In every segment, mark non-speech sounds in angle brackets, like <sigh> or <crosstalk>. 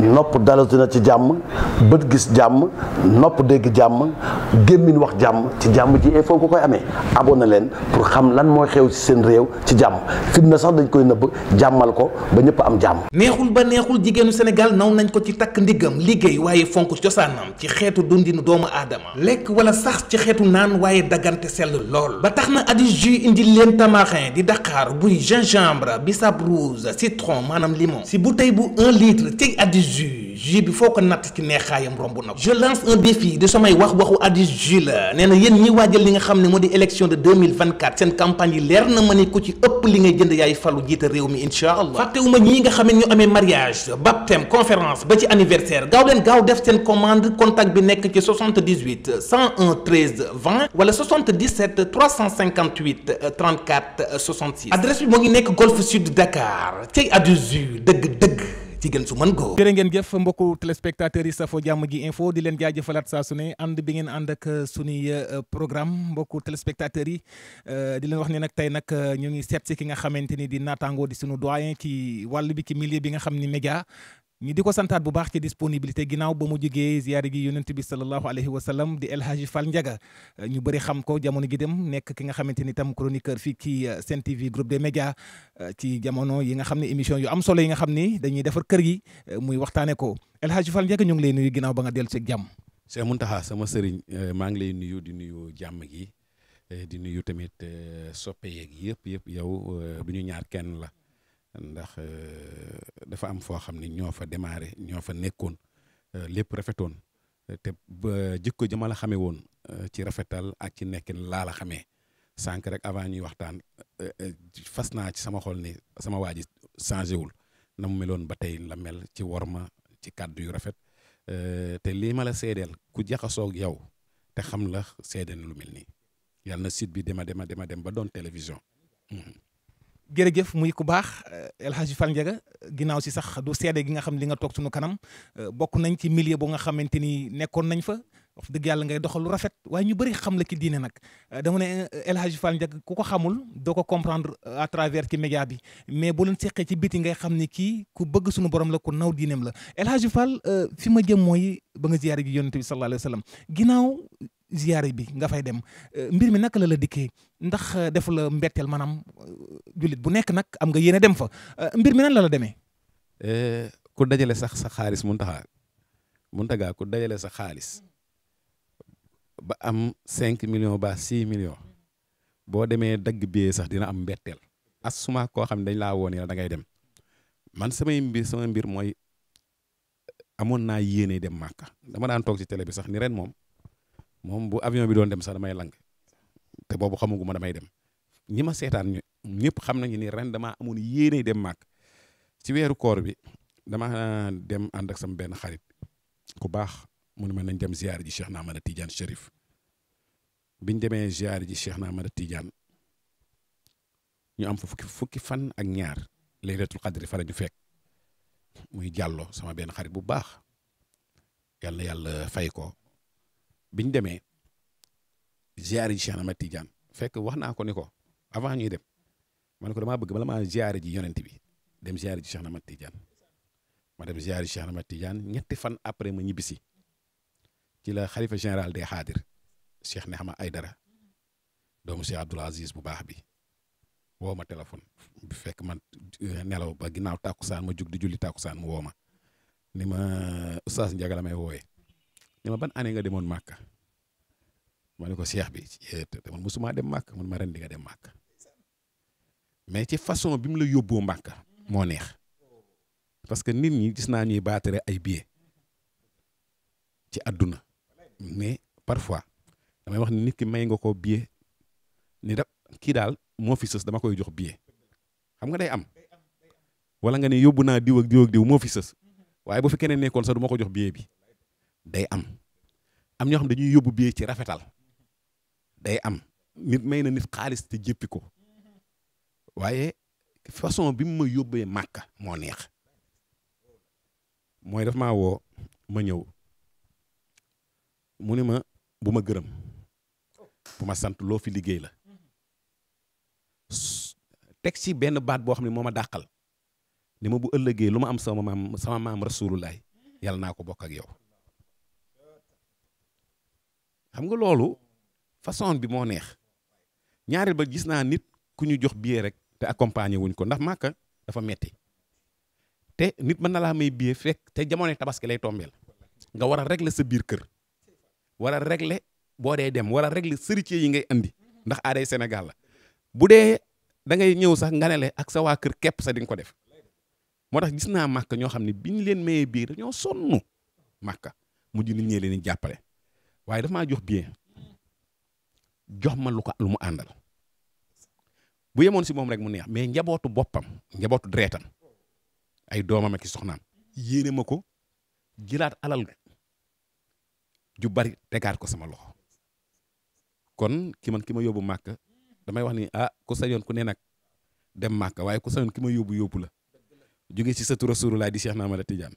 nopp dalatu na ci jàmm bët gis jàmm nopp dégg jàmm gémmiñ wax jàmm ci jàmm ji il faut nga koy amee abonné leen pour xam lan mooy xew si seen réew ci jàmm fitna sax dañ koy nëbb jàmmal ko ba ñëpp am jàmm neexul ba neexul jigéenu Sénégal naw nañ ko ci takk ndiggam liggéey waaye fonk cosaanam ci xeetu dundinu doomu aadama lekk wala sax ci xeetu naan waaye daggante sell lool ba tax na adi jus indi leen tamarin di Dakar buy gingembre bi sa citron maanaam limon jus jus bi foo ko natt ci neexaayam romb na ko je lance un défi di samay wax waxu addi jus la nee na yéen ñi waajal li nga xam ne moo di élection de 2024 seen campagne yi leer na ma ni ku ci ëpp li ngay jënd yaay falu jiite réew mi incha allah fàttewuma ñii nga xam ne ñu amee mariage baptême conférence ba ci anniversaire gaaw leen gaaw def seen commande contact bi nekk ci 78 101 13 20 wala 77 358 34 66 adresse bi moo ngi nekk Golf Sud Dakar cey addi jus dëgg ci gën su mën ko jërë ngeen jëf mbokku téléspectateurs yi safo jàmm ji info di leen jaajëfalaat saa su ne ànd bi ngeen ànd ak euh, suñuy euh, programme mbokku téléspectateurs yi euh, di leen wax ne nag tey nag ñoo ngi seet si ki nga xamante ni di naataango di suñu doyen ci wall bi ci milieu bi nga xam ni média ñu di ko santaat bu baax ci disponibilité ginnaaw ba mu jógee ziyaare gi yonent bi sallallahu alayhi wa sallam di El Hadji Fall Ndiaga ñu bëri xam ko jamono gi dem nekk ki nga xamante ni tam chroniqueur fii ki euh, Sen TV groupe des médias euh, ci jamono yi nga xam ne émission yu am solo yi nga xam ni dañuy defar kër gi euh, muy waxtaanee ko El Hadji Fall Ndiaga ñu ngi lay nuyu ginnaaw ba nga dellu si jàmm. Cheikh Mountakha sama sëriñ maa ngi lay nuyu di nuyu jàmm gi di nuyu tamit soppe yëpp yëpp yow bu ñu ñaar kenn la. ndax euh, dafa am foo xam ni ñoo fa démarré ñoo fa nekkoon euh, lépp rafetoon te ba jikko jëma la xamee woon euh, ci rafetal ak ci nekkin laa la xamee sànq rek avant ñuy waxtaan fas naa ci sama xol ni sama waa ji changé wul na mu meloon ba tey la mel ci worma ci kàddu yu rafet te lii ma la seedeel ku jaxasoog yow te xam la na lu mel nii yàlla na site bi dema dema dema dem ba doon télévision. jërëjëf muy ku baax eh, El Hadji Fall ginnaaw si sax du seede gi nga xam li nga toog sunu kanam eh, bokk nañ ci milieu bu nga xamante ni nekkoon nañ fa wax dëgg ngay doxal lu rafet waaye ñu bëri xam la ki diine nag eh, dama ne El Hadji Fall ku ko xamul doo ko comprendre à travers ci média bi mais bu leen seqee ci biti ngay xam ni kii ku bëgg sunu borom la ku naw diineem la El Hadji fi ma jëm mooy ba nga ziyaare gi yonent bi sallallahu alayhi ziyaare bi nga fay dem euh, mbir mi naka lala la ndax euh, def la mbetteel maanaam euh, jullit bu nekk nag am nga yéene dem fa mbir mi nan la la ku dajale sax sa xaalis muntaxaa muntaxaa ku dajale sa xaalis ba am cinq million ba six million boo demee dagg bee sax dina am mbetteel asuma koo xam ne dañ laa woon da ngay dem man samay mbir sama mbir mooy amoon naa yéene dem màkka dama daan toog ci tele bi sax ni ren moom. moom bu avion bi doon dem sax damay lank te boobu xamaguma damay dem ñi ma seetaan ñu ñëpp xam nañu ni ren damaa amoon yéenay dem màkk ci weeru koor bi dama dem ànd ak sama benn xarit ku baax mu ne ma nañ dem ziar ji Cheikh na Ahmada Tidiane Chérif biñ demee ziar ji Cheikh na Ahmada Tidiane ñu am fa fukki fan ak ñaar laylatul qadri fa la ñu fekk muy jàllo sama benn xarit bu baax yàlla yàlla fay ko bi ñu demee ziare ji Cheikh Ahmed Tidiane fekk wax naa ko ni ko avant ñuy dem ma ne ko damaa bëgg bala ma ziare ji yonent bi dem ziare ji Cheikh ma Tidiane ma dem ziare ji Cheikh Ahmed Tidiane ñetti fan après ma ñibbisi ci la xalifa général des xaadir Cheikh ay dara doomu Cheikh Abdoul Aziz bu baax bi woo téléphone bu fekk man euh, nelaw ba ginnaaw tàkkusaan ma jug di julli tàkkusaan mu woo ma ni ma oustaz Ndiaga la may woowee ne ma ban année nga demoon màkk ma ne ko seex bi eh, man mosuma dem màkk man ma ren di nga dem màkk mais ci façon bi mu la yóbboo màkk moo neex parce que nit ñi gis naa ñuy baatare ay billets ci àdduna mais parfois damay wax nit ki may nga ko billet ni da kii daal moo fi sës dama koy jox billet xam nga day am wala nga ne yóbbu naa diw ak diw ak diw moo fi sës waaye bu fi keneen nekkoon sax du ma ko jox billet bi day am am ñoo xam dañuy yóbbu biyee ci rafetal day am nit may na nit xaalis te jéppi ko waaye façon bi mu ma yóbbee màkka moo neex mooy daf maa woo ma ñëw mu ni ma bu ma gërëm bu ma sant loo fi liggéey la teg ci benn baat boo xam ne moo ma dàqal ni ma bu ëllëgee lu ma am sama maam sama maam rasulullaay yàlla naa ko bokk ak yow xam nga loolu façon bi moo neex ñaareel ba gis naa nit ku ñu jox billet rek te accompagner wuñ ko ndax màkka dafa metti te nit mën na laa may billet fekk te jamono tabaski lay tombeel nga war a régler sa biir kër war a régler boo dee dem war a régler seritier yi ngay indi ndax aaday Sénégal la bu dee dangay ñëw sax nga ak sa waa kër képp sa di nga ko def moo tax gis naa màkk ñoo xam ne bi leen mayee biir dañoo sonn màkka mujj nit ñee leen di jàppale waaye dafa maa jox bien jox ma lu ko lu mu àndal bu yemoon si moom rek mu neex mais njabootu boppam njabootu deretam ay doomam ak i soxnaam ma ko jëlaat alal ju bari tegaat ko sama loxo kon ki man ki ma yóbbu màkk damay wax ni ah ku sañoon ku ne nag dem màkk waaye ku sañoon ki ma yóbbu yóbbu la jóge si sëtu Rasulullah di Cheikh Ahmad Tidiane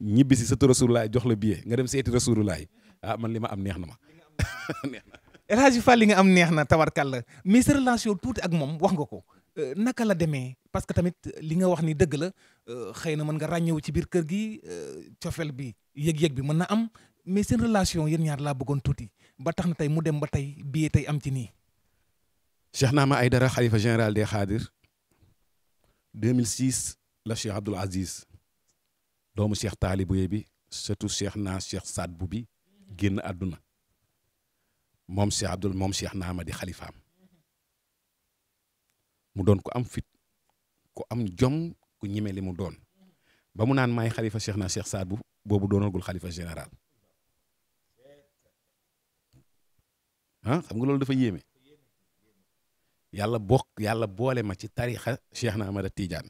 ñibbi si sëtu Rasulullah jox la billet nga dem seeti laay ah man li ma am neex na ma <laughs> neex na. El Hadj Fall li nga am neex na tabarkàlla mais sa relation tuuti ak moom wax nga ko euh, naka la demee parce que tamit euh, li nga wax ni dëgg la euh, xëy na mën nga ràññewu ci biir kër gi cofel bi yëg-yëg bi mën na am mais seen relation ñaar laa bëggoon tuuti ba tax na tey mu dem ba tey bii tey am ci nii. Cheikh Naama Aydara xalifa général des Xaadir 2006 la Cheikh Abdoul Aziz doomu Cheikh Taalibu bi surtout Cheikh na Cheikh Saad bu bi génn àdduna moom Cheikh Abdoul moom Cheikh Naama di xalifaam mu doon ku am fit ku am jom ku ñime li mu doon ba mu naan maay xalifa Cheikh naa Cheikh Saad bu boobu doonagul xalifa général ah xam nga loolu dafa yéeme yàlla bokk yàlla boole ma ci tariixa Cheikh na Amada Tidiane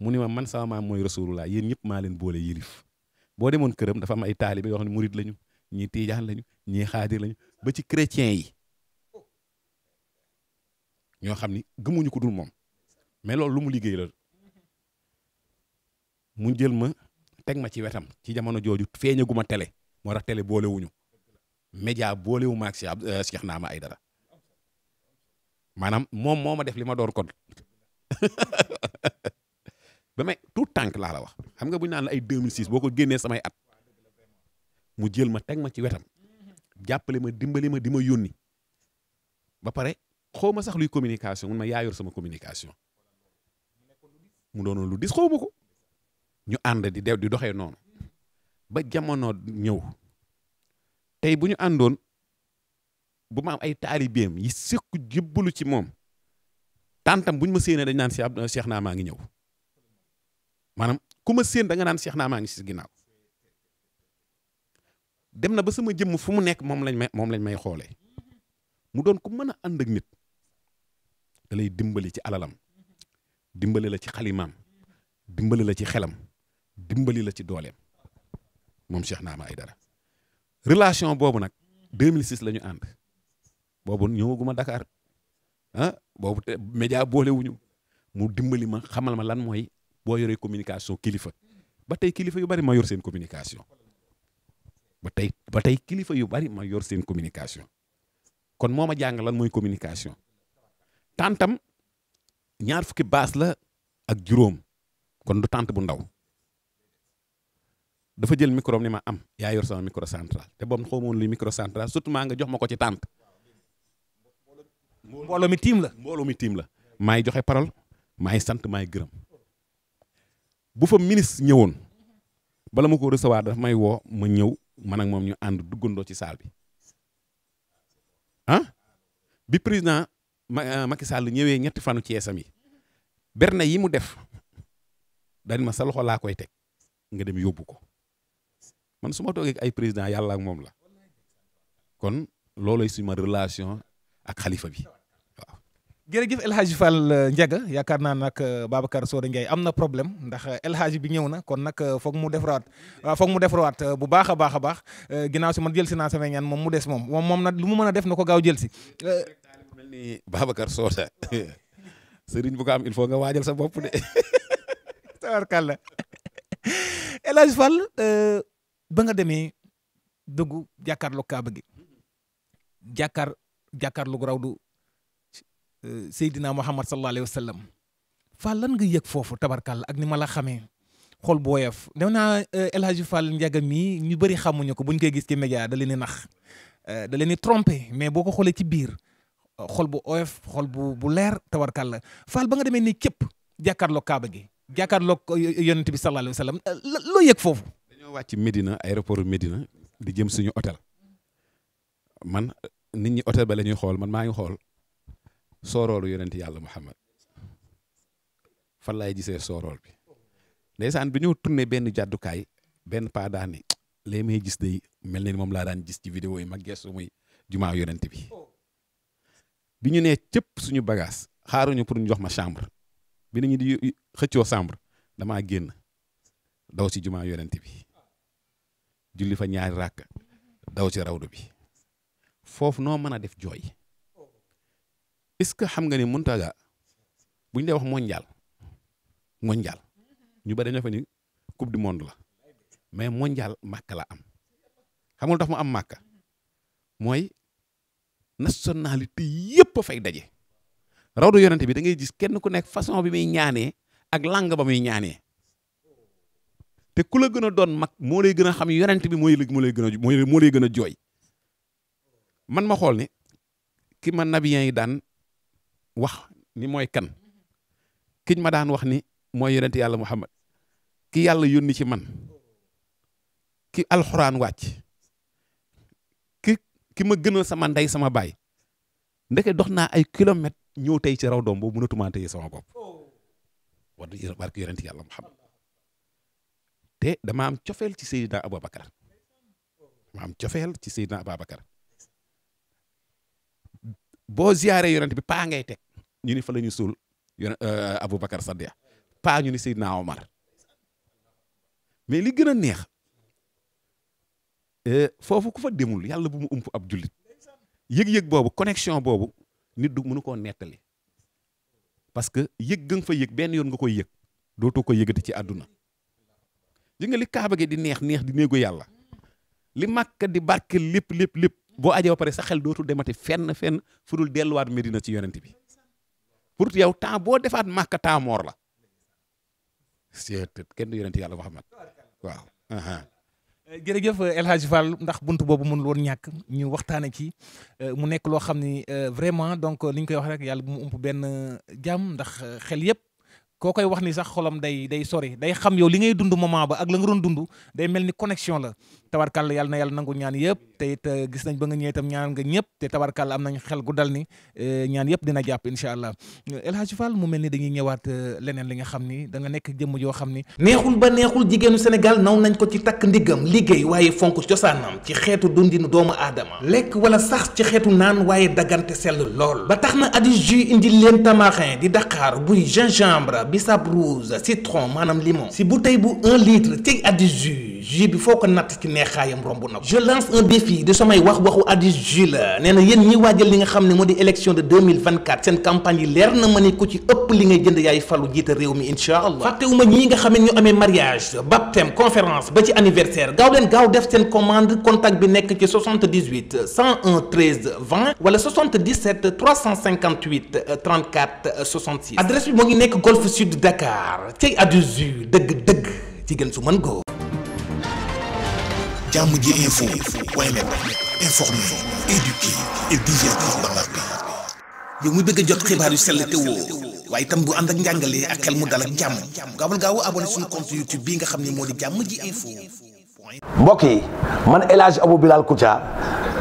mu ni ma man sama maam mooy rasulullah yéen ñëpp maa leen boole yilif boo demoon këram dafa am ay taalibe yoo xam ne murit lañu ñii tiijaan lañu ñii xaadir lañu ba ci chrétien yi ñoo xam ni gëmuñu ko dul moom mais loolu lu mu liggéey la mu jël ma teg ma ci wetam ci jamono jooju feeñaguma télé moo tax télé boolewuñu média boolewu ma ak Cheikh euh, Naama dara maanaam moom moo ma def li ma doon kon <laughs> ba may tout tànk laa la wax xam nga bu ñu naan la ay 2006 boo ko génnee samay at mu jël ma teg ma ci wetam jàppale ma dimbali ma di ma yónni ba pare xaw ma sax luy communication mun ma yaa sama communication mu doonoon lu dis xaw ma ñu ànd di dew di doxee noonu ba jamono ñëw tey bu ñu àndoon bu ma am ay taalibeem yi sëkku jébbalu ci moom tàntam buñ ma séenee dañ naan si ab Cheikh naa maa ngi ñëw maanaam ku ma séen da naan Cheikh naa maa ngi si ginnaaw dem na ba sama jëmm fu mu nekk moom lañ may moom lañ may xoolee mu doon ku mën a ànd ak nit da dimbali ci alalam dimbali la ci xalimaam dimbali la ci xelam dimbali la ci dooleem moom Cheikh naa ma ay dara relation boobu nag 2006 la ñu ànd boobu ñëwaguma Dakar ah boobu te média boolewuñu mu dimbali ma xamal ma lan mooy boo yoree communication kilifa ba tey kilifa yu bari ma yor seen communication ba tey ba tey kilifa yu bari ma yor seen communication kon moo ma jàng lan mooy communication tàntam ñaar fukki baas la ak juróom kon du tant bu ndaw dafa jël micro ni ma am yaa yor sama micro central te boobu xaw ma woon luy micro central surtout maa nga jox ma ko ci tant mbooloo mi tiim la mbooloo mi tiim la maay joxe parole maay sant maay gërëm bu fa ministre ñëwoon bala ma ko recevoir daf may woo ma ñëw man moom ñu ànd duggandoo ci saal bi ah bi président ma euh, Macky Sall ñëwee ñetti fanu ci yeesam yi berne yi mu def dañ ma sa loxo laa koy teg nga dem yóbbu ko man su ma toogee ay président yàlla ak moom la kon loolooy suma relation ak xalifa bi jërëjëf El Hadj Fall euh, Ndiaga yaakaar naa nag euh, Babacar Soda Ndiaye am na problème ndax euh, El bi ñëw na kon nag foog mu defaraat foog mu defaraat bu baax a baax a baax ginnaaw si man jël si naa samay ñaan moom mu des moom moom moom nag lu mu mën a def na ko gaaw jël si. mel ni Babacar Soda <laughs> sëriñ bu ko am il faut nga waajal sa bopp de. <laughs> tabarkàlla El Hadj Fall ba nga demee dugg jàkkaarloo Kaaba gi jàkkaar jàkkaarloo raw du Seydina Muhammad sallallahu alayhi wa lan nga yëg foofu tabarkàlla ak ni ma la xamee xool bu woyof dem naa eh, El Hadj njagam Ndiaga ñu bëri xamuñu ko buñ koy gis ci média da leen nax eh, da leen di mais boo ko xoolee ci biir xol bu oyof xol bu bu leer tabarkàlla Fall ba nga demee nii képp jàkkaarloo Kaaba gi jàkkaarloo eh, yonent bi sallallahu alayhi wa sallam loo yëg foofu. dañoo wàcc Medina aéroport médina di jëm suñu hôtel man nit ñi hôtel ba la ñuy xool man maa ngi xool. sooroolu yonent yàlla Muhammad fan laay gisee soorool bi ndeysaan bi ñëw tourné benn jàddukaay benn paa daa ne lee may gis day mel na ni moom laa daan gis ci vidéo yi ma gestu muy jumaa yonent bi bi ñu nee cëpp suñu bagage xaaruñu pour ñu jox ma chambre bi nañu di xëccoo chambre damaa génn daw si jumaa yonent bi julli fa ñaari ràkk daw si rawdu bi foofu noo mën a def jooy est-ce que xam nga ne Muntaga bu ñu lay wax mondial mondial ñu bari dañoo fa ni coupe du monde la mais mondial màkk la am xam nga lu tax mu am màkk mooy nationalité yëpp fay daje. rawdu yonente bi da ngay gis kenn ku nekk façon bi muy ñaanee ak langue ba muy ñaanee te ku la gën a doon mag moo lay gën a xam yonente bi mooy moo lay gën a moo lay gën a jooy man ma xool ne ki ma nabiyen yi daan wax ni mooy kan kiñ ma daan wax ni mooy yonent yàlla muhammad ki yàlla yónni ci man ki alxuraan wàcc ki ki ma gënal sama ndey sama baay ndeke dox naa ay kilomètre ñëw tey ci raw doom boobu mënatumaa téye sama bopp war na barki yonent yàlla muhammad te dama am cofeel ci Seydina Aboubacar dama am cofeel ci Seydina Aboubacar boo ziyaaree yonent bi paa ngay teg ñu ni fa la ñu suul yon euh, Aboubacar Saddiq paa ñu ni Seydina Omar mais li gën a neex euh, foofu ku fa demul yàlla bu mu ump ab jullit yëg-yëg boobu connexion boobu nit du mënu koo nettali parce que yëg gën fa yëg benn yoon nga koy yëg dootoo ko yëgati ci àdduna ji nga li kaaba gi di neex neex di néego yàlla li màkka di barke lépp lépp lépp boo ajee ba pare sa xel dootul demati fenn fenn fu dul delluwaat Medina ci yonent bi pour yow temps boo defaat màkk taamoor la c'est kenn du yonent yàlla Muhammad waaw. Euh, jërëjëf euh, El Hadj Fall ndax bunt boobu mënul woon ñàkk ñu waxtaane ci euh, mu nekk loo xam ni vraiment donc li ñu koy wax rek yàlla bu mu ump benn jàmm ndax xel yëpp koo koy wax ni sax xolam day day sori day xam yow li ngay dund moment ba ak la nga doon dund day mel ni connexion la tabarkàll yàlla na yàlla nangu ñaan yëpp te it eh, gis nañ ba nga ñëwee itam ñaan nga ñëpp te tabarkàll am nañ xel gu dal ni eh, ñaan yëpp dina jàpp incha allah El Hadj Fall mu mel ni dañuy ñëwaat eh, leneen li nga xam ni da nga nekk jëmm joo xam ni neexul ba neexul jigéenu Sénégal naw nañ ko ci takk ndiggam liggéey waaye fonk cosaanam ci xeetu dundinu doomu aadama lekk wala sax ci xeetu naan waaye daggante sell lool ba tax na adi jus indi leen tamarin di Dakar buy gingembre bissap rouge citron maanaam limon si bouteille bu un litre ci adi jus jus bi foo ko natt ci neexaayam romb na ko je lance un défi di samay wax waxu addi jus la nee na yéen ñiy waajal li nga xam ne moo di élection de 2024 seen campagne yi leer na ma ni ku ci ëpp li ngay jënd yaay falu jiite réew mi incha allah fàttewuma ñii nga xam ne ñu amee mariage baptême conférence ba ci anniversaire gaaw leen gaaw def seen commande contact bi nekk ci 78 101 13 20 wala 77 358 34 66 adresse bi moo ngi nekk Golf Sud Dakar cey addu ju dëgg-dëgg ci gën su mën ko jàmm ji info waaye nag jot xibaar yu bu ànd ak njàngalee ak xel mu dal ak bii nga xam ne moo di jàmm ji info. mbokk yi man El Hadj Abou Bilal Koutia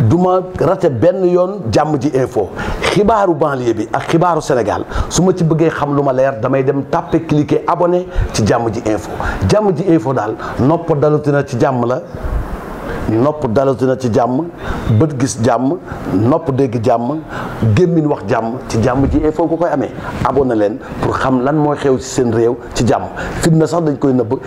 du ma rate benn yoon jàmm ji info xibaaru banlieue bi ak xibaaru Sénégal su ma ci bëggee xam lu ma leer damay dem tàppe cliquer abonné ci jàmm ji info jàmm ji info daal nopp dalutina ci jàmm la. nopp dalatu na ci jàmm bët gis jàmm nopp dégg jàmm gémmiñ wax jàmm ci jàmm ji e foo ko koy amee abonné leen pour xam lan mooy xew ci seen réew ci jàmm fitna sax dañ koy nëbb